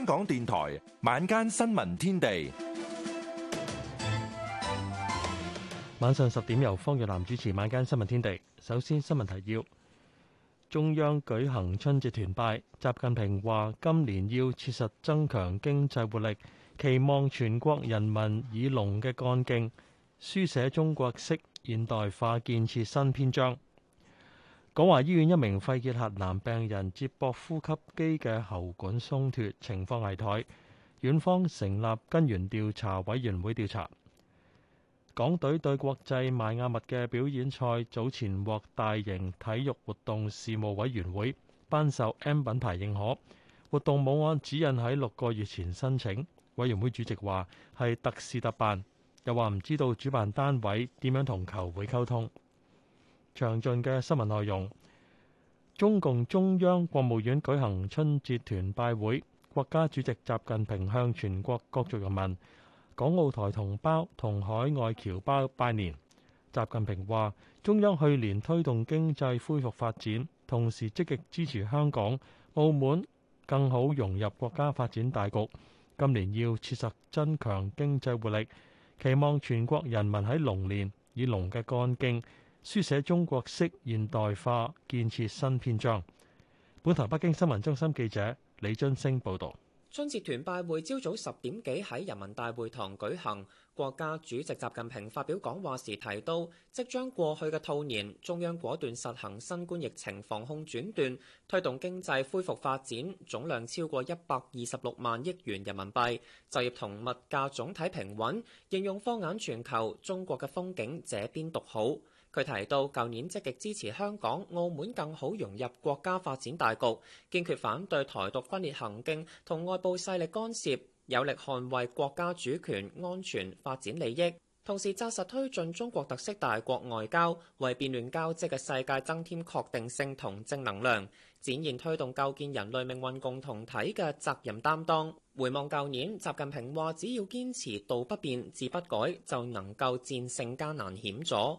香港電台晚間新聞天地，晚上十點由方若南主持《晚間新聞天地》。首先新聞提要：中央舉行春節團拜，習近平話今年要切實增強經濟活力，期望全國人民以龍嘅幹勁，書寫中國式現代化建設新篇章。港華醫院一名肺結核男病人接駁呼吸機嘅喉管鬆脱，情況危殆。院方成立根源調查委員會調查。港隊對國際邁阿密嘅表演賽早前獲大型體育活動事務委員會頒授 M 品牌認可，活動冇按指引喺六個月前申請。委員會主席話係特事特辦，又話唔知道主辦單位點樣同球會溝通。詳盡嘅新聞內容。中共中央國務院舉行春節團拜會，國家主席習近平向全國各族人民、港澳台同胞同海外僑胞拜年。習近平話：中央去年推動經濟恢復發展，同時積極支持香港、澳門更好融入國家發展大局。今年要切實增強經濟活力，期望全國人民喺龍年以龍嘅幹勁書寫中國式現代化建設新篇章。本台北京新聞中心記者李津升報道，春節團拜會朝早十點幾喺人民大會堂舉行。國家主席習近平發表講話時提到，即將過去嘅兔年，中央果斷實行新冠疫情防控轉段，推動經濟恢復發展，總量超過一百二十六萬億元人民幣，就業同物價總體平穩。應用放眼全球，中國嘅風景這邊獨好。佢提到，舊年積極支持香港、澳門更好融入國家發展大局，堅決反對台獨分裂行徑同外部勢力干涉，有力捍衛國家主權、安全、發展利益。同時，紮實推進中國特色大國外交，為變亂交織嘅世界增添確定性同正能量，展現推動構建人類命運共同體嘅責任擔當。回望舊年，習近平話：只要堅持道不變、志不改，就能夠戰勝艱難險阻。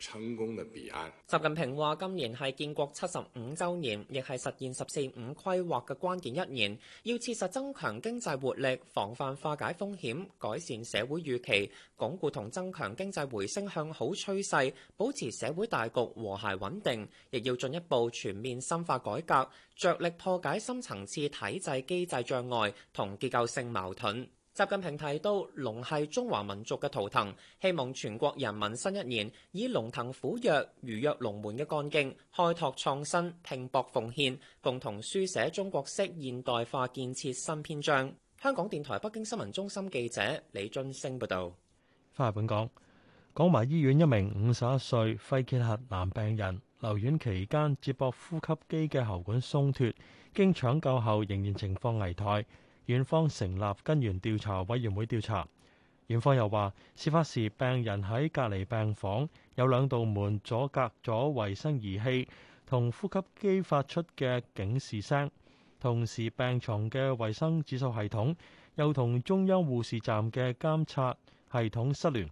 成功嘅彼岸。習近平話，今年係建國七十五周年，亦係實現十四五規劃嘅關鍵一年，要切實增強經濟活力，防範化解風險，改善社會預期，鞏固同增強經濟回升向好趨勢，保持社會大局和諧穩定。亦要進一步全面深化改革，着力破解深層次體制機制障礙同結構性矛盾。習近平提到，龍係中華民族嘅圖騰，希望全國人民新一年以龍騰虎躍、如躍龍門嘅幹勁，開拓創新、拼搏奉獻，共同書寫中國式現代化建設新篇章。香港電台北京新聞中心記者李津升報道。翻嚟本港，廣華醫院一名五十一歲肺結核男病人留院期間接駁呼吸機嘅喉管鬆脱，經搶救後仍然情況危殆。院方成立根源調查委員會調查。院方又話，事發時病人喺隔離病房有兩道門阻隔咗維生儀器同呼吸機發出嘅警示聲，同時病牀嘅維生指數系統又同中央護士站嘅監察系統失聯，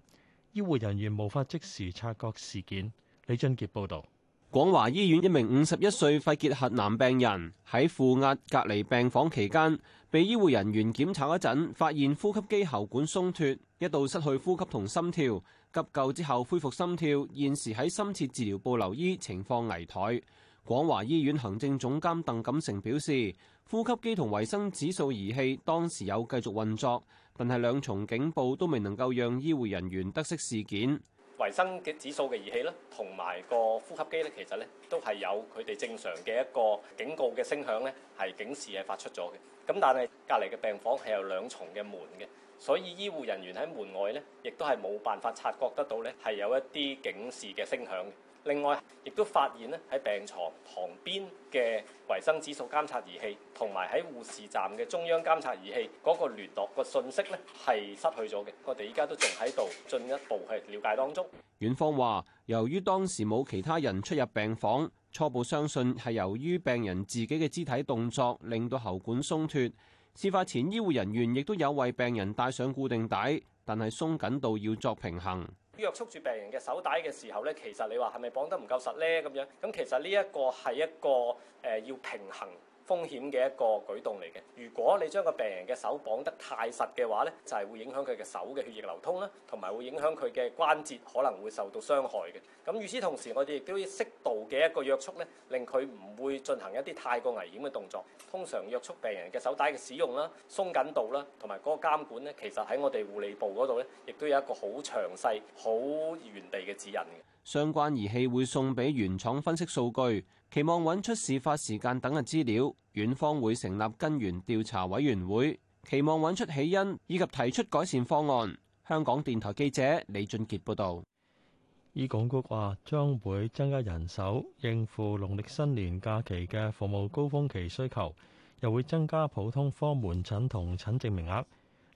醫護人員無法即時察覺事件。李俊杰報道。廣華醫院一名五十一歲肺結核男病人喺負壓隔離病房期間，被醫護人員檢查嗰陣，發現呼吸機喉管鬆脱，一度失去呼吸同心跳，急救之後恢復心跳，現時喺深切治療部留醫，情況危殆。廣華醫院行政總監鄧錦成表示，呼吸機同衛生指數儀器當時有繼續運作，但係兩重警報都未能夠讓醫護人員得悉事件。維生嘅指數嘅儀器咧，同埋個呼吸機咧，其實咧都係有佢哋正常嘅一個警告嘅聲響咧，係警示係發出咗嘅。咁但係隔離嘅病房係有兩重嘅門嘅，所以醫護人員喺門外咧，亦都係冇辦法察覺得到咧，係有一啲警示嘅聲響。另外，亦都發現咧喺病床旁邊嘅維生指數監察儀器，同埋喺護士站嘅中央監察儀器嗰、那個聯絡嘅訊息呢，係失去咗嘅。我哋依家都仲喺度進一步去了解當中。院方話，由於當時冇其他人出入病房，初步相信係由於病人自己嘅肢體動作令到喉管鬆脱。事發前，醫護人員亦都有為病人戴上固定帶，但係鬆緊度要作平衡。約束住病人嘅手帶嘅時候呢，其實你話係咪綁得唔夠實呢？咁樣，咁其實呢一個係一個呃要平衡。風險嘅一個舉動嚟嘅。如果你將個病人嘅手綁得太實嘅話咧，就係會影響佢嘅手嘅血液流通啦，同埋會影響佢嘅關節可能會受到傷害嘅。咁與此同時，我哋亦都要適度嘅一個約束咧，令佢唔會進行一啲太過危險嘅動作。通常約束病人嘅手帶嘅使用啦、鬆緊度啦，同埋嗰個監管咧，其實喺我哋護理部嗰度咧，亦都有一個好詳細、好原地嘅指引嘅。相關儀器會送俾原廠分析數據。期望揾出事發時間等嘅資料，院方會成立根源調查委員會，期望揾出起因以及提出改善方案。香港電台記者李俊傑報導。醫管局話將會增加人手應付農曆新年假期嘅服務高峰期需求，又會增加普通科門診同診症名額。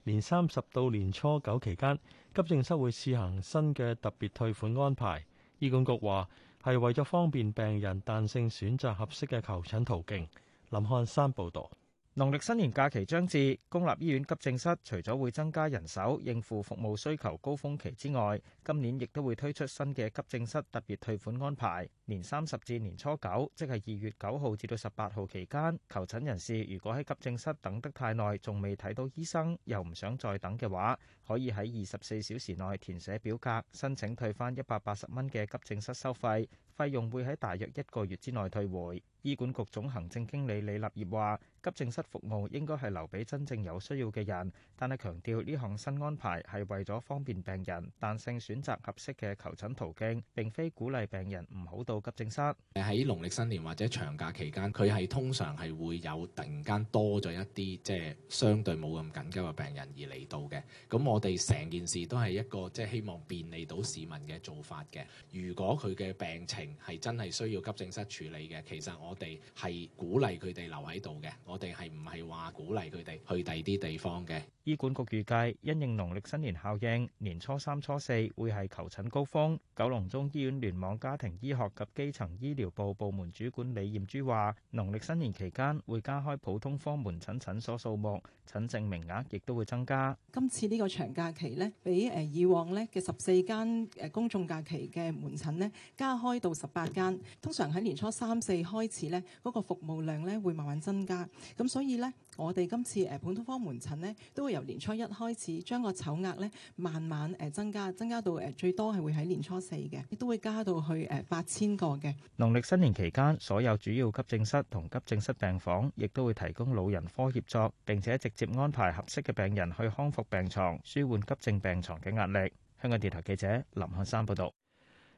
年三十到年初九期間，急症室會試行新嘅特別退款安排。醫管局話，係為咗方便病人，彈性選擇合適嘅求診途徑。林漢山報道：農曆新年假期將至，公立醫院急症室除咗會增加人手，應付服務需求高峰期之外，今年亦都會推出新嘅急症室特別退款安排。年三十至年初九，即係二月九號至到十八號期間，求診人士如果喺急症室等得太耐，仲未睇到醫生，又唔想再等嘅話，可以喺二十四小時內填寫表格，申請退翻一百八十蚊嘅急症室收費，費用會喺大約一個月之內退回。醫管局總行政經理李立業話，急症室服務應該係留俾真正有需要嘅人，但係強調呢項新安排係為咗方便病人，彈性選擇合適嘅求診途徑，並非鼓勵病人唔好到急症室。誒喺農曆新年或者長假期間，佢係通常係會有突然間多咗一啲，即係相對冇咁緊急嘅病人而嚟到嘅。咁我哋成件事都係一個即係希望便利到市民嘅做法嘅。如果佢嘅病情係真係需要急症室處理嘅，其實我哋係鼓勵佢哋留喺度嘅。我哋係唔係話鼓勵佢哋去第二啲地方嘅？醫管局預計，因應農曆新年效應，年初三初四會係求診高峰。九龍中醫院聯網家庭醫學及基層醫療部部門主管李艷珠話，農曆新年期間會加開普通科門診診所數目，診症名額亦都會增加。今次呢個長假期呢，比誒以往呢嘅十四間誒公眾假期嘅門診呢，加開到十八間。通常喺年初三四開始呢，嗰個服務量呢會慢慢增加。咁所以呢，我哋今次誒普通科門診呢都會。由年初一開始，將個籌額咧慢慢誒增加，增加到誒最多係會喺年初四嘅，亦都會加到去誒八千個嘅。農曆新年期間，所有主要急症室同急症室病房亦都會提供老人科協助，並且直接安排合適嘅病人去康復病床，舒緩急症病床嘅壓力。香港電台記者林漢山報導。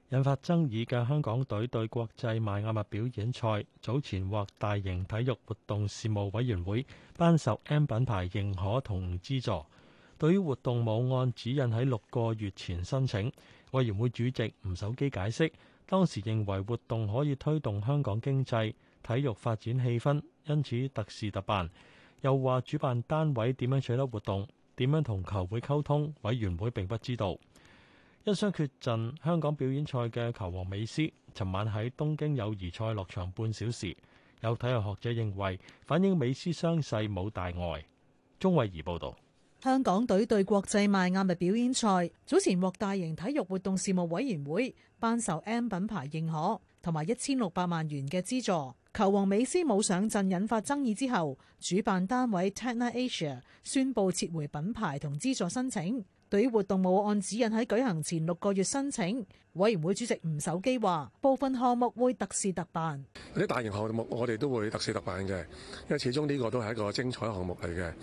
引發爭議嘅香港隊對國際邁阿密表演賽，早前獲大型體育活動事務委員會頒授 M 品牌認可同資助。對於活動冇按指引喺六個月前申請，委員會主席吳守基解釋，當時認為活動可以推動香港經濟、體育發展氣氛，因此特事特辦。又話主辦單位點樣取得活動、點樣同球會溝通，委員會並不知道。因傷缺陣，香港表演賽嘅球王美斯，尋晚喺東京友誼賽落場半小時。有體育學者認為，反映美斯傷勢冇大礙。鍾慧儀報導。香港隊對國際邁亞美嘅表演賽，早前獲大型體育活動事務委員會頒授 M 品牌認可，同埋一千六百萬元嘅資助。球王美斯冇上陣，引發爭議之後，主辦單位 Tatler Asia 宣布撤回品牌同資助申請。對於活動冇按指引喺舉行前六個月申請，委員會主席吳守基話：部分項目會特事特辦，啲大型項目我哋都會特事特辦嘅，因為始終呢個都係一個精彩項目嚟嘅。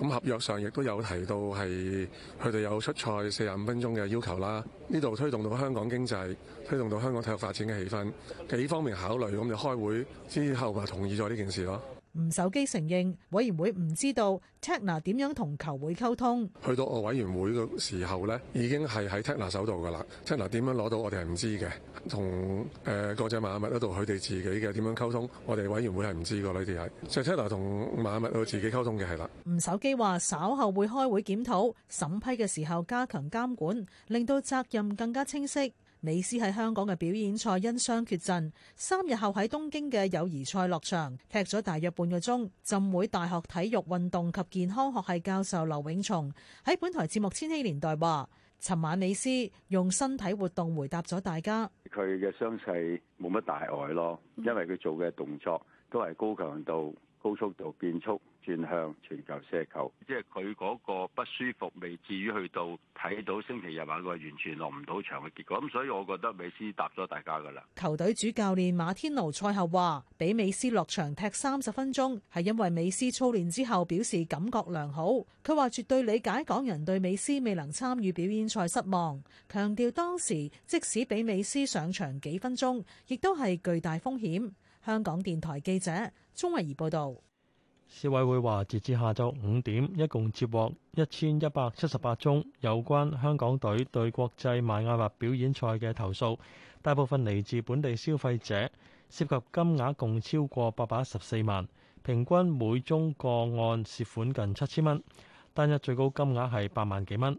咁合約上亦都有提到係佢哋有出賽四十五分鐘嘅要求啦。呢度推動到香港經濟，推動到香港體育發展嘅氣氛，幾方面考慮，咁就開會之後咪同意咗呢件事咯。吳守基承認委員會唔知道 Tina 點樣同球會溝通。去到我委員會嘅時候咧，已經係喺 Tina 手度噶啦。Tina 點樣攞到我哋係唔知嘅，同誒、呃、國際邁阿密嗰度佢哋自己嘅點樣溝通，我哋委員會係唔知噶。佢哋係就 Tina 同邁阿密佢自己溝通嘅係啦。吳守基話稍後會開會檢討審批嘅時候加強監管，令到責任更加清晰。美斯喺香港嘅表演賽因傷缺陣，三日後喺東京嘅友誼賽落場，踢咗大約半個鐘。浸會大學體育運動及健康學系教授劉永松喺本台節目《千禧年代》話：尋晚美斯用身體活動回答咗大家，佢嘅傷勢冇乜大礙咯，因為佢做嘅動作都係高強度、高速度變速。轉向全球射球，即係佢嗰個不舒服，未至於去到睇到星期日晚完全落唔到場嘅結果。咁所以，我覺得美斯答咗大家噶啦。球隊主教練馬天奴賽後話，俾美斯落場踢三十分鐘，係因為美斯操練之後表示感覺良好。佢話絕對理解港人對美斯未能參與表演賽失望，強調當時即使俾美斯上場幾分鐘，亦都係巨大風險。香港電台記者鍾慧儀報道。消委會話，截至下晝五點，一共接獲一千一百七十八宗有關香港隊對國際邁阿密表演賽嘅投訴，大部分嚟自本地消費者，涉及金額共超過八百一十四萬，平均每宗個案涉款近七千蚊，單日最高金額係八萬幾蚊。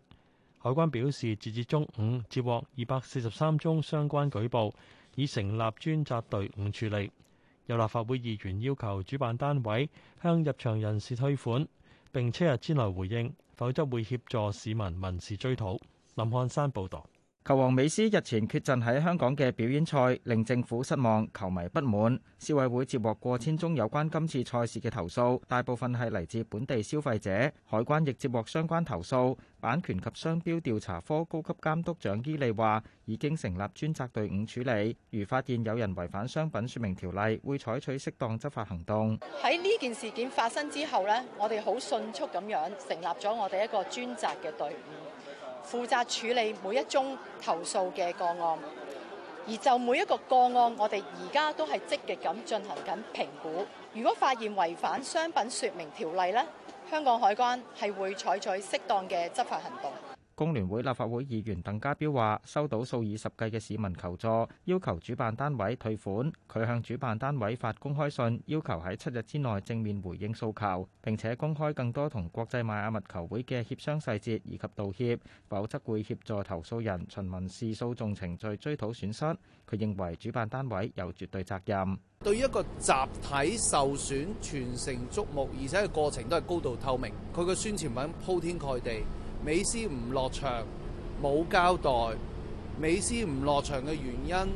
海關表示，截至中午接獲二百四十三宗相關舉報，已成立專責隊伍處理。有立法會議員要求主辦單位向入場人士退款，並七日之內回應，否則會協助市民民事追討。林漢山報道。球王美斯日前缺陣喺香港嘅表演賽，令政府失望，球迷不滿。消委會接獲過千宗有關今次賽事嘅投訴，大部分係嚟自本地消費者。海關亦接獲相關投訴。版權及商標調查科高級監督長伊利話，已經成立專責隊伍處理，如發現有人違反商品說明條例，會採取適當執法行動。喺呢件事件發生之後咧，我哋好迅速咁樣成立咗我哋一個專責嘅隊伍。負責處理每一宗投訴嘅個案，而就每一個個案，我哋而家都係積極咁進行緊評估。如果發現違反商品説明條例呢，香港海關係會採取適當嘅執法行動。工聯會立法會議員鄧家彪話：收到數以十計嘅市民求助，要求主辦單位退款。佢向主辦單位發公開信，要求喺七日之內正面回應訴求，並且公開更多同國際邁阿密球會嘅協商細節以及道歉，否則會協助投訴人循民事訴訟程序追討損失。佢認為主辦單位有絕對責任。對於一個集體受損、全城矚目，而且個過程都係高度透明，佢嘅宣傳品鋪天蓋地。美斯唔落場，冇交代。美斯唔落場嘅原因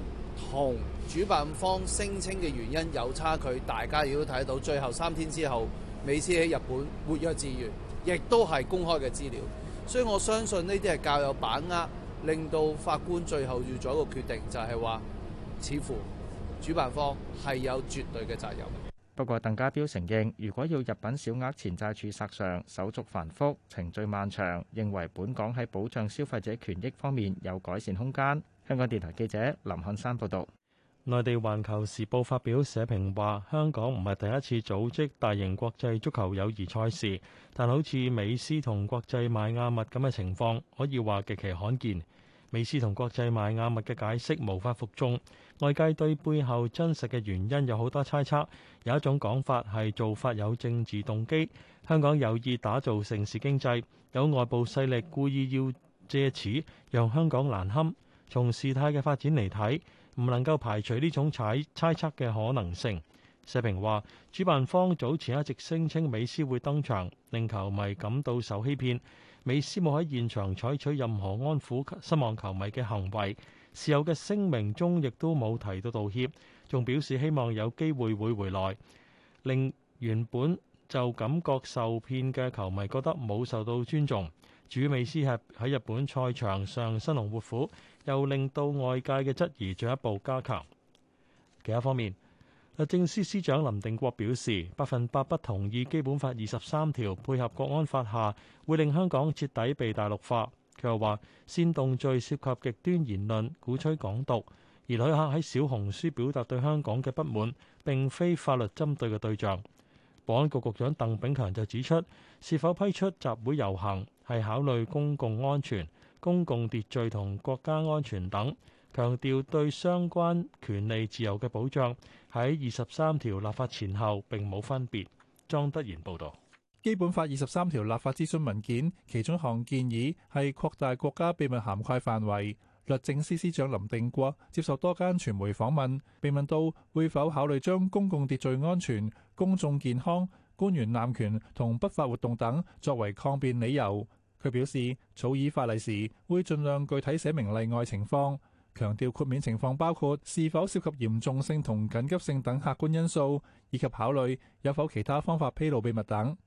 同主辦方聲稱嘅原因有差距。大家亦都睇到最後三天之後，美斯喺日本活躍自如，亦都係公開嘅資料。所以我相信呢啲係較有把握，令到法官最後要做一個決定，就係、是、話，似乎主辦方係有絕對嘅責任。不過，鄧家彪承認，如果要入稟小額錢債處索償手續繁複、程序漫長，認為本港喺保障消費者權益方面有改善空間。香港電台記者林漢山報導。內地《環球時報》發表社評話：香港唔係第一次組織大型國際足球友誼賽事，但好似美斯同國際邁阿密咁嘅情況，可以話極其罕見。美斯同國際邁阿密嘅解釋無法服眾，外界對背後真實嘅原因有好多猜測，有一種講法係做法有政治動機，香港有意打造城市經濟，有外部勢力故意要借此讓香港難堪。從事態嘅發展嚟睇，唔能夠排除呢種踩猜測嘅可能性。社評話，主辦方早前一直聲稱美斯會登場，令球迷感到受欺騙。美斯冇喺現場採取任何安撫失望球迷嘅行為，事後嘅聲明中亦都冇提到道歉，仲表示希望有機會會回來，令原本就感覺受騙嘅球迷覺得冇受到尊重，至於美斯係喺日本賽場上生龍活虎，又令到外界嘅質疑進一步加強，其他方面。律政司司長林定國表示，百分百不同意基本法二十三條配合國安法下，會令香港徹底被大陸化。佢又話：煽動罪涉及極端言論、鼓吹港獨，而旅客喺小紅書表達對香港嘅不滿，並非法律針對嘅對象。保安局局長鄧炳強就指出，是否批出集會遊行，係考慮公共安全、公共秩序同國家安全等。強調對相關權利自由嘅保障喺二十三條立法前後並冇分別。莊德賢報導，《基本法》二十三條立法諮詢文件其中一項建議係擴大國家秘密涵蓋範圍。律政司司長林定國接受多間傳媒訪問，被問到會否考慮將公共秩序、安全、公眾健康、官員濫權同不法活動等作為抗辯理由，佢表示草擬法例時會盡量具體寫明例外情況。強調豁免情況包括是否涉及嚴重性同緊急性等客觀因素，以及考慮有否其他方法披露秘密等。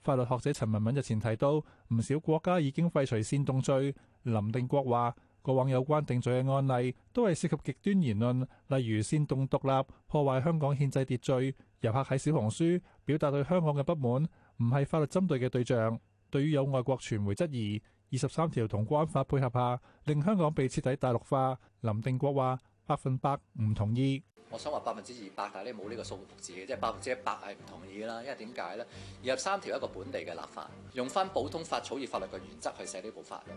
法律學者陳文敏日前提到，唔少國家已經廢除煽動罪。林定國話：過往有關定罪嘅案例都係涉及極端言論，例如煽動獨立、破壞香港憲制秩序、遊客喺小紅書表達對香港嘅不滿，唔係法律針對嘅對象。對於有外國傳媒質疑，二十三條同國安法配合下，令香港被徹底大陸化。林定國話：百分百唔同意。我想話百分之二百，但係你冇呢個數字嘅，即係百分之一百係唔同意啦。因為點解呢？二十三條一個本地嘅立法，用翻，普通法草擬法律嘅原則去寫呢部法律。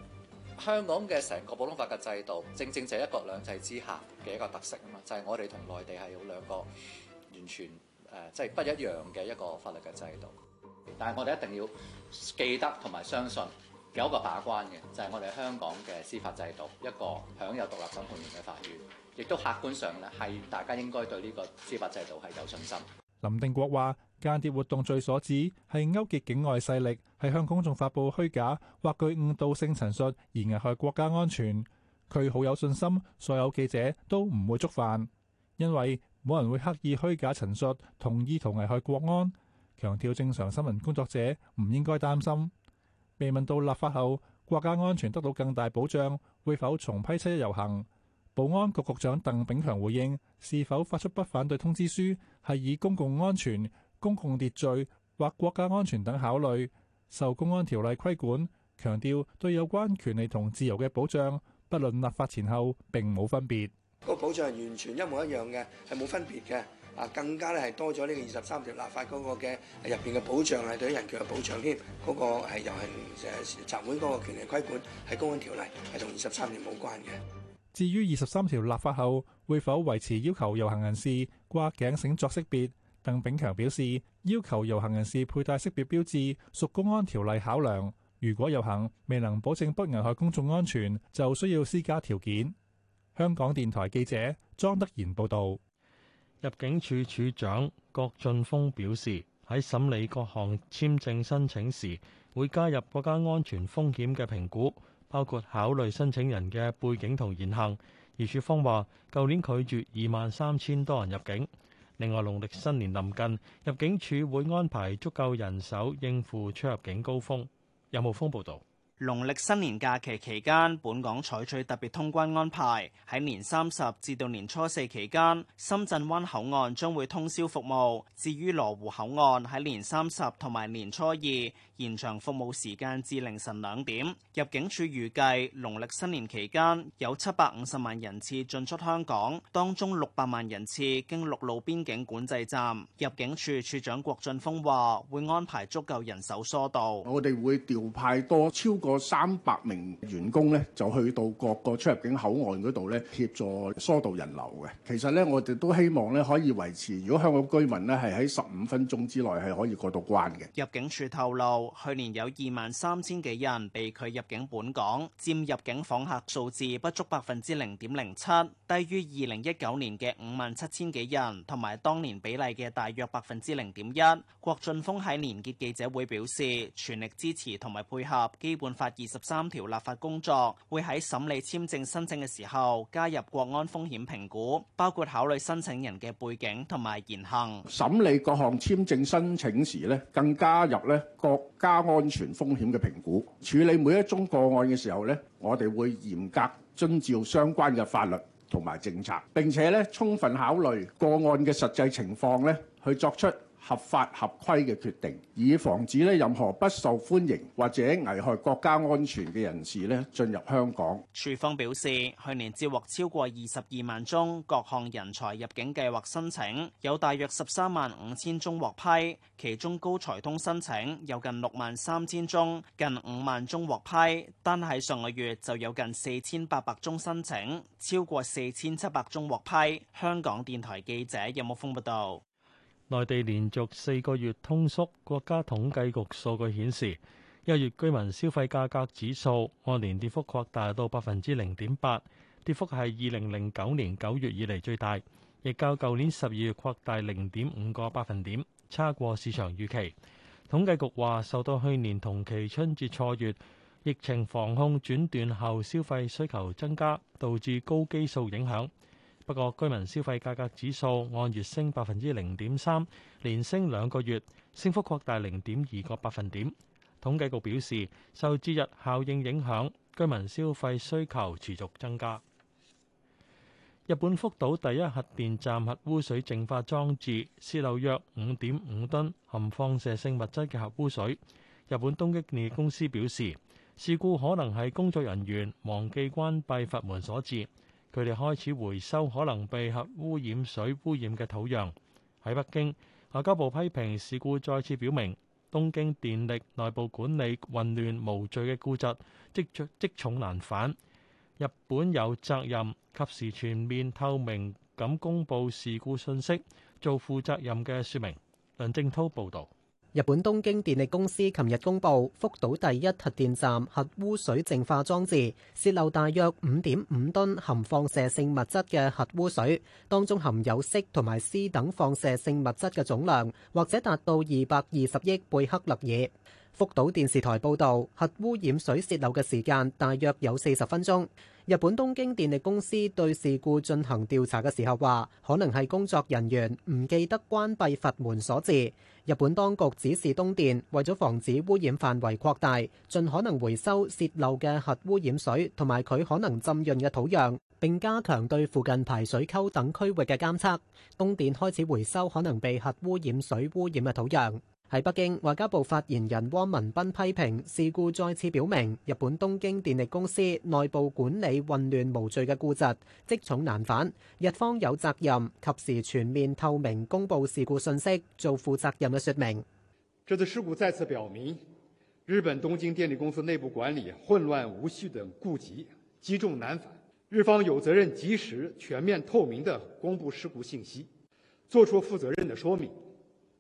香港嘅成個普通法嘅制度，正正就係一國兩制之下嘅一個特色啊嘛，就係、是、我哋同內地係有兩個完全誒，即、呃、係、就是、不一樣嘅一個法律嘅制度。但係我哋一定要記得同埋相信。有一個把關嘅，就係、是、我哋香港嘅司法制度，一個享有獨立審判權嘅法院，亦都客觀上咧，係大家應該對呢個司法制度係有信心。林定國話：間諜活動罪所指係勾結境外勢力，係向公眾發布虛假或具誤導性陳述，而危害國家安全。佢好有信心，所有記者都唔會觸犯，因為冇人會刻意虛假陳述，同意圖危害國安。強調正常新聞工作者唔應該擔心。被問到立法後國家安全得到更大保障，會否重批車遊行？保安局局長鄧炳強回應：是否發出不反對通知書，係以公共安全、公共秩序或國家安全等考慮受公安條例規管。強調對有關權利同自由嘅保障，不論立法前後並，並冇分別。嗰個保障係完全一模一樣嘅，係冇分別嘅。啊，更加咧係多咗呢個二十三條立法嗰個嘅入邊嘅保障，係對人權嘅保障添，嗰、那個係遊行誒集會嗰個權利，規管係公安條例，係同二十三條冇關嘅。至於二十三條立法後會否維持要求遊行人士掛頸繩作識別，鄧炳強表示，要求遊行人士佩戴識別標誌屬公安條例考量，如果遊行未能保證不危害公眾安全，就需要施加條件。香港電台記者莊德賢報導。入境處處長郭俊峰表示，喺審理各項簽證申請時，會加入國家安全風險嘅評估，包括考慮申請人嘅背景同言行。而處方話，舊年拒絕二萬三千多人入境。另外，農曆新年臨近，入境處會安排足夠人手應付出入境高峰。有浩峯報導。農曆新年假期期間，本港採取特別通關安排。喺年三十至到年初四期間，深圳灣口岸將會通宵服務。至於羅湖口岸喺年三十同埋年初二延長服務時間至凌晨兩點。入境處預計農曆新年期間有七百五十萬人次進出香港，當中六百萬人次經陸路邊境管制站。入境處處長郭俊峰話，會安排足夠人手疏導。我哋會調派多超過。個三百名員工呢，就去到各個出入境口岸嗰度呢，協助疏導人流嘅。其實呢，我哋都希望呢可以維持。如果香港居民呢係喺十五分鐘之內係可以過到關嘅。入境處透露，去年有二萬三千幾人被拒入境本港，佔入境訪客數字不足百分之零點零七，低於二零一九年嘅五萬七千幾人，同埋當年比例嘅大約百分之零點一。郭俊峰喺年結記者會表示，全力支持同埋配合基本。法二十三條立法工作，會喺審理簽證申請嘅時候加入國安風險評估，包括考慮申請人嘅背景同埋言行。審理各項簽證申請時咧，更加入咧國家安全風險嘅評估。處理每一宗個案嘅時候咧，我哋會嚴格遵照相關嘅法律同埋政策，並且咧充分考慮個案嘅實際情況咧，去作出。合法合規嘅決定，以防止咧任何不受歡迎或者危害國家安全嘅人士呢進入香港。處方表示，去年接獲超過二十二萬宗各項人才入境計劃申請，有大約十三萬五千宗獲批，其中高才通申請有近六萬三千宗，近五萬宗獲批。單喺上個月就有近四千八百宗申請，超過四千七百宗獲批。香港電台記者任木峯報道。內地連續四個月通縮，國家統計局數據顯示，一月居民消費價格指數按年跌幅擴大到百分之零點八，跌幅係二零零九年九月以嚟最大，亦較舊年十二月擴大零點五個百分點，差過市場預期。統計局話，受到去年同期春節錯月、疫情防控轉段後消費需求增加，導致高基數影響。不過，居民消費價格指數按月升百分之零點三，連升兩個月，升幅擴大零點二個百分點。統計局表示，受節日效應影響，居民消費需求持續增加。日本福島第一核電站核污水淨化裝置洩漏約五點五噸含放射性物質嘅核污水。日本東京電力公司表示，事故可能係工作人員忘記關閉閥門所致。佢哋開始回收可能被核污染水污染嘅土壤。喺北京，外交部批評事故再次表明東京電力內部管理混亂無序嘅痼疾，積積重難返。日本有責任及時全面透明咁公佈事故信息，做負責任嘅説明。梁正濤報導。日本東京電力公司琴日公布，福島第一核電站核污水淨化裝置洩漏大約五點五噸含放射性物質嘅核污水，當中含有銫同埋鍶等放射性物質嘅總量，或者達到二百二十億貝克勒爾。福島電視台報道，核污染水泄漏嘅時間大約有四十分鐘，日本東京電力公司對事故進行調查嘅時候話可能係工作人員唔記得關閉閥門所致。日本當局指示東電為咗防止污染範圍擴大，盡可能回收泄漏嘅核污染水同埋佢可能浸潤嘅土壤，並加強對附近排水溝等區域嘅監測，東電開始回收可能被核污染水污染嘅土壤。喺北京，外交部發言人汪文斌批評，事故再次表明日本東京電力公司內部管理混亂無序嘅痼疾積重難返，日方有責任及時全面透明公布事故信息，做負責任嘅説明。這次事故再次表明日本東京電力公司內部管理混亂無序嘅痼疾積重難返，日方有責任及時全面透明的公布事故信息，做出負責任的説明。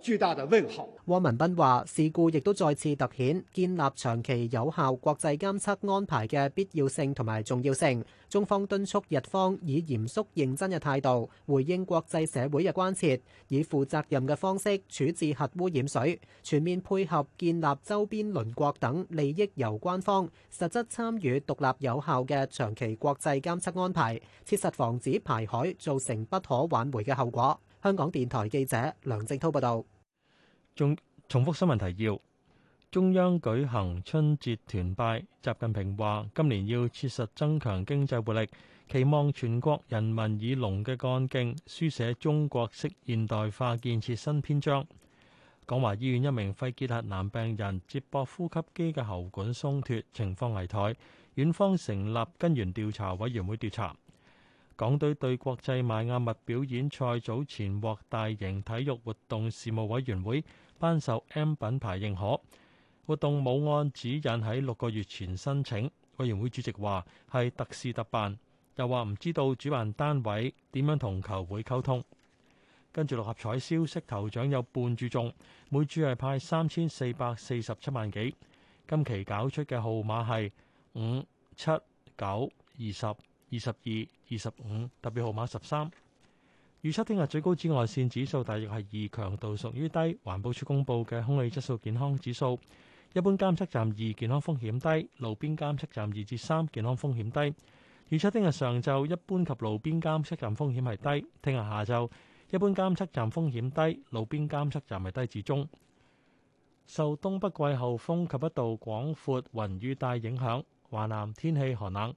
巨大的問號。汪文斌話：事故亦都再次突顯建立長期有效國際監測安排嘅必要性同埋重要性。中方敦促日方以嚴肅認真嘅態度回應國際社會嘅關切，以負責任嘅方式處置核污染水，全面配合建立周邊鄰國等利益攸關方實質參與獨立有效嘅長期國際監測安排，切實防止排海造成不可挽回嘅後果。香港電台記者梁正濤報道。重重複新聞提要：中央舉行春節團拜，習近平話今年要切實增強經濟活力，期望全國人民以龍嘅幹勁，書寫中國式現代化建設新篇章。廣華醫院一名肺結核男病人接駁呼吸機嘅喉管鬆脱，情況危殆，院方成立根源調查委員會調查。港隊對國際邁阿密表演賽早前獲大型體育活動事務委員會頒授 M 品牌認可活動，冇按指引喺六個月前申請。委員會主席話係特事特辦，又話唔知道主辦單位點樣同球會溝通。跟住六合彩消息，頭獎有半注中，每注係派三千四百四十七萬幾。今期搞出嘅號碼係五七九二十、二十二、二十五，特別號碼十三。預測聽日最高紫外線指數大約係二，強度屬於低。環保署公布嘅空氣質素健康指數，一般監測站二，健康風險低；路邊監測站二至三，3，健康風險低。預測聽日上晝一般及路邊監測站風險係低，聽日下晝一般監測站風險低，路邊監測站係低至中。受東北季候風及一道廣闊雲雨帶影響，華南天氣寒冷。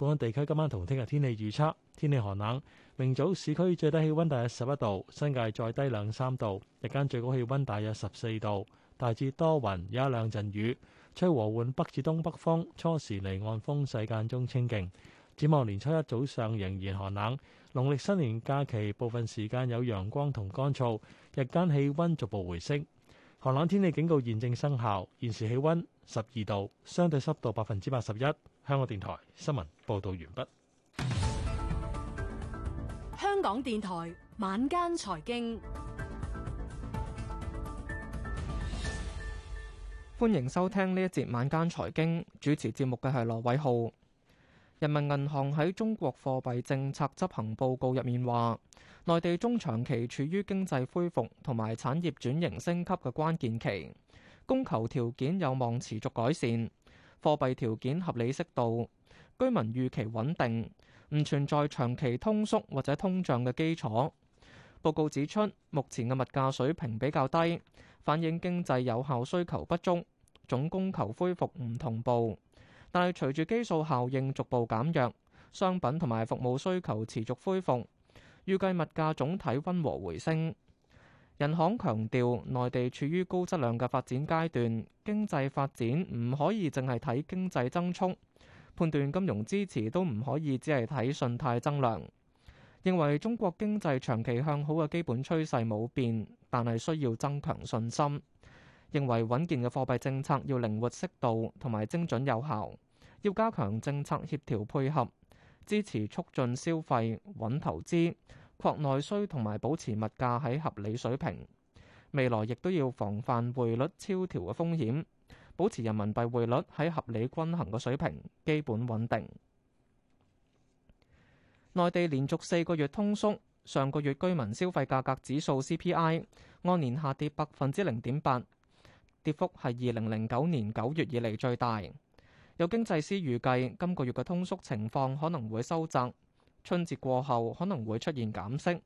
本港地區今晚同聽日天氣預測，天氣寒冷，明早市區最低氣溫大約十一度，新界再低兩三度。日間最高氣溫大約十四度，大致多雲，有一兩陣雨，吹和緩北至東北風，初時離岸風勢間中清勁。展望年初一早上仍然寒冷，農曆新年假期部分時間有陽光同乾燥，日間氣溫逐步回升。寒冷天氣警告現正生效，現時氣溫十二度，相對濕度百分之八十一。香港電台新聞報道完畢。香港電台晚間財經，歡迎收聽呢一節晚間財經。主持節目嘅係羅偉浩。人民銀行喺中國貨幣政策執行報告入面話，內地中長期處於經濟恢復同埋產業轉型升級嘅關鍵期，供求條件有望持續改善。貨幣條件合理適度，居民預期穩定，唔存在長期通縮或者通脹嘅基礎。報告指出，目前嘅物價水平比較低，反映經濟有效需求不足，總供求恢復唔同步。但係隨住基數效應逐步減弱，商品同埋服務需求持續恢復，預計物價總體温和回升。人行強調，內地處於高質量嘅發展階段，經濟發展唔可以淨係睇經濟增速，判斷金融支持都唔可以只係睇信貸增量。認為中國經濟長期向好嘅基本趨勢冇變，但係需要增強信心。認為穩健嘅貨幣政策要靈活適度同埋精準有效，要加強政策協調配合，支持促進消費穩投資。國內需同埋保持物價喺合理水平，未來亦都要防範匯率超調嘅風險，保持人民幣匯率喺合理均衡嘅水平，基本穩定。內地連續四個月通縮，上個月居民消費價格指數 CPI 按年下跌百分之零點八，跌幅係二零零九年九月以嚟最大。有經濟師預計，今個月嘅通縮情況可能會收窄。春節過後可能會出現減息。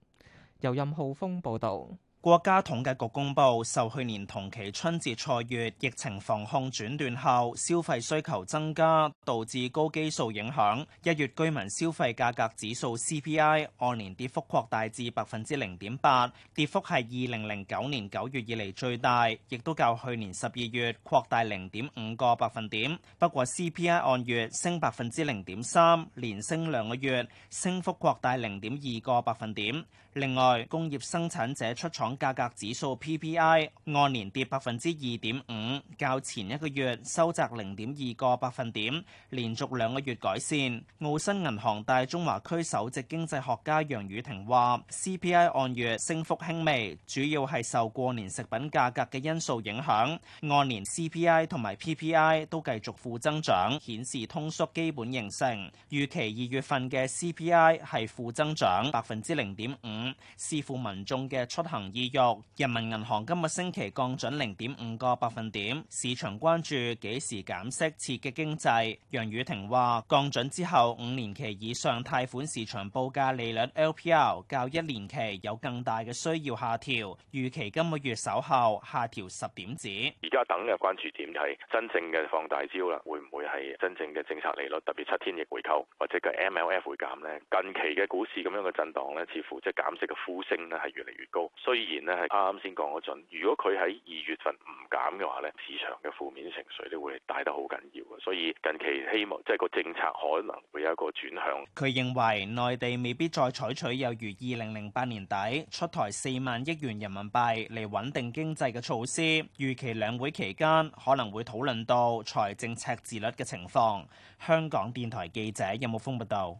由任浩峰報道。國家統計局公布，受去年同期春節錯月疫情防控轉段後，消費需求增加，導致高基數影響。一月居民消費價格指數 CPI 按年跌幅擴大至百分之零點八，跌幅係二零零九年九月以嚟最大，亦都較去年十二月擴大零點五個百分點。不過 CPI 按月升百分之零點三，連升兩個月，升幅擴大零點二個百分點。另外，工業生產者出廠價格指數 PPI 按年跌百分之二點五，較前一個月收窄零點二個百分點，連續兩個月改善。澳新銀行大中華區首席經濟學家楊宇霆話：CPI 按月升幅輕微，主要係受過年食品價格嘅因素影響。按年 CPI 同埋 PPI 都繼續負增長，顯示通縮基本形成。預期二月份嘅 CPI 係負增長百分之零點五。視乎民眾嘅出行意欲，人民銀行今個星期降準零點五個百分點，市場關注幾時減息刺激經濟。楊雨婷話：降準之後五年期以上貸款市場報價利率 LPR 較一年期有更大嘅需要下調，預期今個月稍後下調十點止。而家等嘅關注點係真正嘅放大招啦，會唔會係真正嘅政策利率，特別七天逆回購或者個 MLF 會減呢？近期嘅股市咁樣嘅震蕩呢，似乎即係減嘅呼聲呢，係越嚟越高，雖然呢，係啱啱先講嗰陣，如果佢喺二月份唔減嘅話，呢市場嘅負面情緒都會帶得好緊要嘅，所以近期希望即係個政策可能會有一個轉向。佢認為內地未必再採取有如二零零八年底出台四萬億元人民幣嚟穩定經濟嘅措施，預期兩會期間可能會討論到財政赤字率嘅情況。香港電台記者任木峰報道。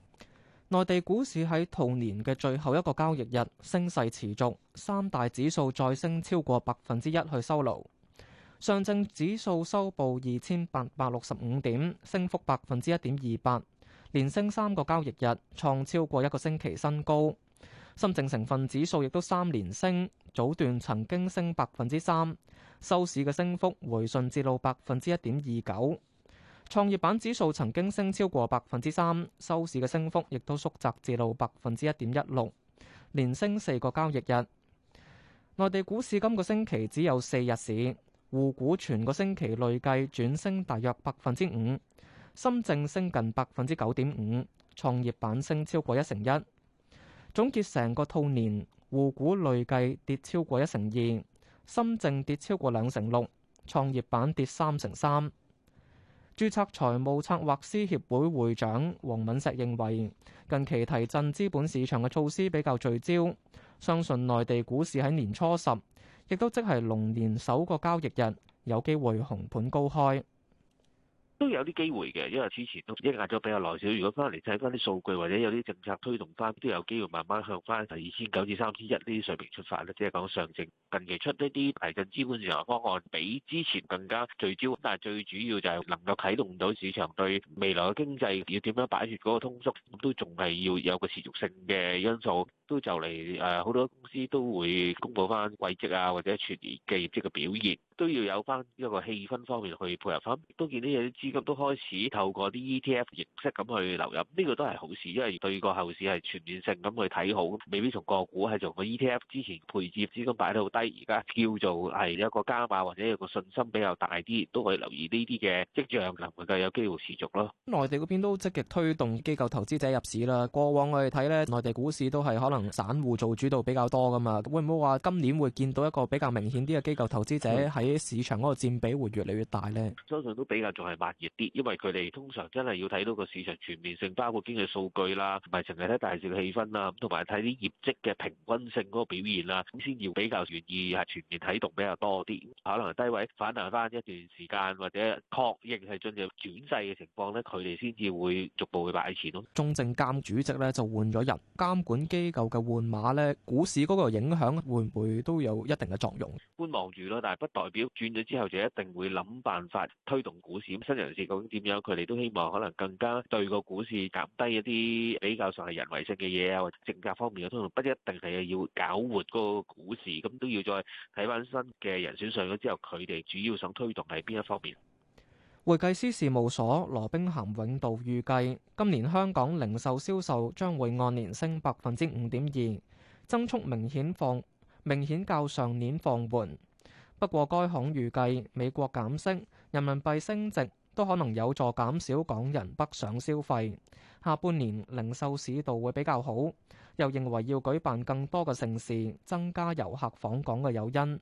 內地股市喺兔年嘅最後一個交易日，升勢持續，三大指數再升超過百分之一去收爐。上證指數收報二千八百六十五點，升幅百分之一點二八，連升三個交易日，創超過一個星期新高。深證成分指數亦都三連升，早段曾經升百分之三，收市嘅升幅回順至到百分之一點二九。創業板指數曾經升超過百分之三，收市嘅升幅亦都縮窄至到百分之一點一六，連升四個交易日。內地股市今個星期只有四日市，滬股全個星期累計轉升大約百分之五，深證升近百分之九點五，創業板升超過一成一。總結成個套年，滬股累計跌超過一成二，深證跌超過兩成六，創業板跌三成三。註冊財務策劃師協會會長黃敏石認為，近期提振資本市場嘅措施比較聚焦，相信內地股市喺年初十，亦都即係龍年首個交易日，有機會紅盤高開。都有啲機會嘅，因為之前都抑壓咗比較耐少，如果翻嚟睇翻啲數據，或者有啲政策推動翻，都有機會慢慢向翻二千九至三千一呢啲水平出發咧。即係講上證近期出呢啲提振資本市場方案，比之前更加聚焦，但係最主要就係能夠啟動到市場對未來嘅經濟要點樣擺脱嗰個通縮，都仲係要有個持續性嘅因素。都就嚟誒，好多公司都會公布翻季績啊，或者全年嘅業績嘅表現，都要有翻一個氣氛方面去配合翻。都見呢嘢啲資金都開始透過啲 ETF 形式咁去流入，呢個都係好事，因為對個後市係全面性咁去睇好。未必從個股，係從個 ETF 之前配置資金擺得好低，而家叫做係一個加碼或者有個信心比較大啲，都可以留意呢啲嘅跡象，能夠有機會持續咯。內地嗰邊都積極推動機構投資者入市啦。過往我哋睇咧，內地股市都係可能。可能散戶做主導比較多噶嘛，會唔會話今年會見到一個比較明顯啲嘅機構投資者喺、嗯、市場嗰個佔比會越嚟越大呢？相信都比較仲係慢熱啲，因為佢哋通常真係要睇到個市場全面性，包括經濟數據啦，同埋成日睇大市氣氛啊，咁同埋睇啲業績嘅平均性嗰個表現啊，咁先要比較願意係全面啟動比較多啲，可能低位反彈翻一段時間，或者確認係進入轉勢嘅情況咧，佢哋先至會逐步去擺錢咯。中證監主席咧就換咗人，監管機構。嘅換馬咧，股市嗰個影響會唔會都有一定嘅作用？觀望住咯，但係不代表轉咗之後就一定會諗辦法推動股市。咁新人士究竟點樣，佢哋都希望可能更加對個股市減低一啲比較上係人為性嘅嘢啊，或者政策方面嘅推動，不一定係要搞活個股市。咁都要再睇返新嘅人選上咗之後，佢哋主要想推動係邊一方面？會計師事務所羅兵咸永道預計，今年香港零售銷售將會按年升百分之五點二，增速明顯放明顯較上年放緩。不過該預計，該行預計美國減息、人民幣升值都可能有助減少港人北上消費，下半年零售市道會比較好，又認為要舉辦更多嘅盛事，增加遊客訪港嘅誘因。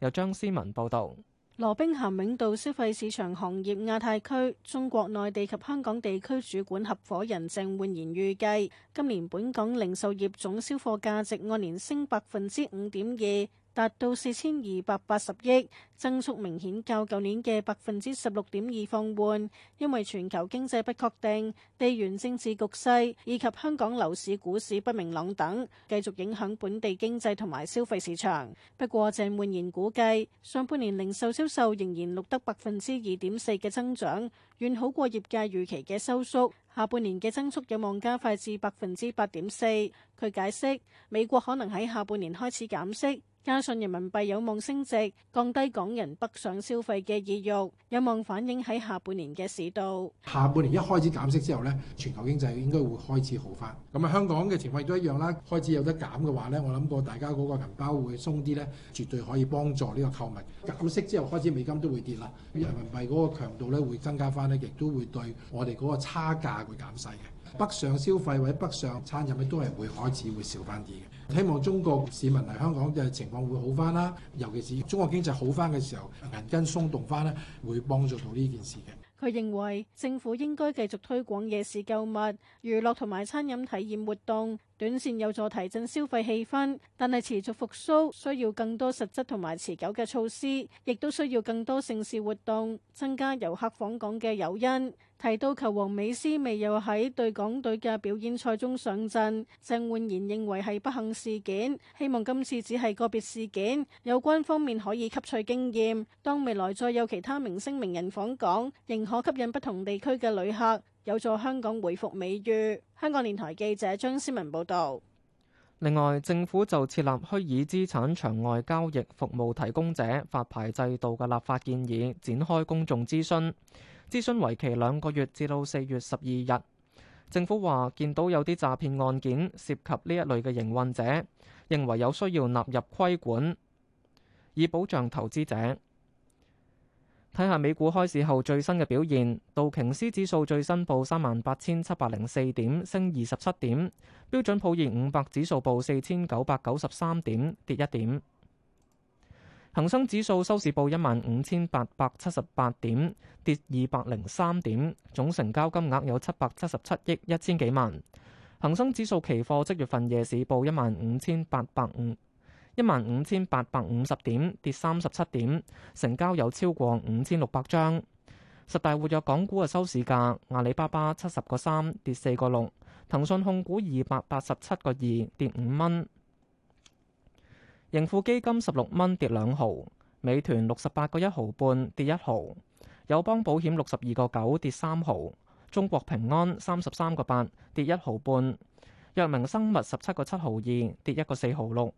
由張思文報導。羅兵咸永道消費市場行業亞太區中國內地及香港地區主管合夥人鄭煥賢預計，今年本港零售業總銷貨價值按年升百分之五點二。達到四千二百八十億，增速明顯較舊年嘅百分之十六點二放緩，因為全球經濟不確定、地緣政治局勢以及香港樓市股市不明朗等，繼續影響本地經濟同埋消費市場。不過，鄭煥然估計上半年零售銷售仍然錄得百分之二點四嘅增長，遠好過業界預期嘅收縮。下半年嘅增速有望加快至百分之八點四。佢解釋美國可能喺下半年開始減息。加上人民幣有望升值，降低港人北上消費嘅意欲，有望反映喺下半年嘅市道。下半年一開始減息之後咧，全球經濟應該會開始好返。咁啊，香港嘅情況亦都一樣啦。開始有得減嘅話咧，我諗過大家嗰個銀包會鬆啲咧，絕對可以幫助呢個購物。減息之後開始美金都會跌啦，人民幣嗰個強度咧會增加返咧，亦都會對我哋嗰個差價會減細嘅。北上消費或者北上餐飲咧都係會開始會少返啲嘅。希望中國市民嚟香港嘅情況會好翻啦，尤其是中國經濟好翻嘅時候，銀根鬆動翻咧，會幫助到呢件事嘅。佢認為政府應該繼續推廣夜市購物、娛樂同埋餐飲體驗活動，短線有助提振消費氣氛，但係持續復甦需要更多實質同埋持久嘅措施，亦都需要更多盛事活動，增加遊客訪港嘅誘因。提到球王美斯未有喺對港隊嘅表演賽中上陣，鄭煥賢認為係不幸事件，希望今次只係個別事件，有關方面可以吸取經驗，當未來再有其他明星名人訪港，仍可吸引不同地區嘅旅客，有助香港回復美譽，香港電台記者張思文報道。另外，政府就設立虛擬資產場外交易服務提供者發牌制度嘅立法建議，展開公眾諮詢。諮詢為期兩個月，至到四月十二日。政府話見到有啲詐騙案件涉及呢一類嘅營運者，認為有需要納入規管，以保障投資者。睇下美股開市後最新嘅表現，道瓊斯指數最新報三萬八千七百零四點，升二十七點；標準普爾五百指數報四千九百九十三點，跌一點。恒生指數收市報一萬五千八百七十八點，跌二百零三點，總成交金額有七百七十七億一千幾萬。恒生指數期貨即月份夜市報一萬五千八百五，一萬五千八百五十點，跌三十七點，成交有超過五千六百張。十大活躍港股嘅收市價，阿里巴巴七十個三跌四個六，騰訊控股二百八十七個二跌五蚊。盈富基金十六蚊跌兩毫，美團六十八個一毫半跌一毫，友邦保險六十二個九跌三毫，中國平安三十三個八跌一毫半，藥明生物十七個七毫二跌一個四毫六，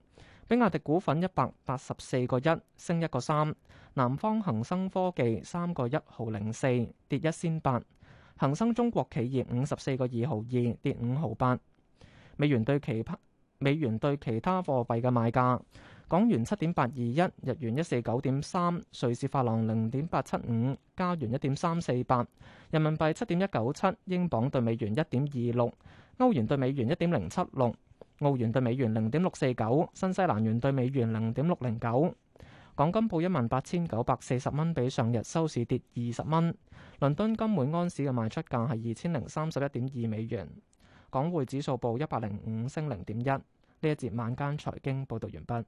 比亞迪股份一百八十四個一升一個三，南方恒生科技三個一毫零四跌一仙八，恒生中國企業五十四個二毫二跌五毫八，美元對期。美元對其他貨幣嘅賣價，港元七點八二一，日元一四九點三，瑞士法郎零點八七五，加元一點三四八，人民幣七點一九七，英鎊對美元一點二六，歐元對美元一點零七六，澳元對美元零點六四九，新西蘭元對美元零點六零九。港金報一萬八千九百四十蚊，比上日收市跌二十蚊。倫敦金每安士嘅賣出價係二千零三十一點二美元。港匯指數報一百零五，升零點一。呢一節晚間財經報道完畢。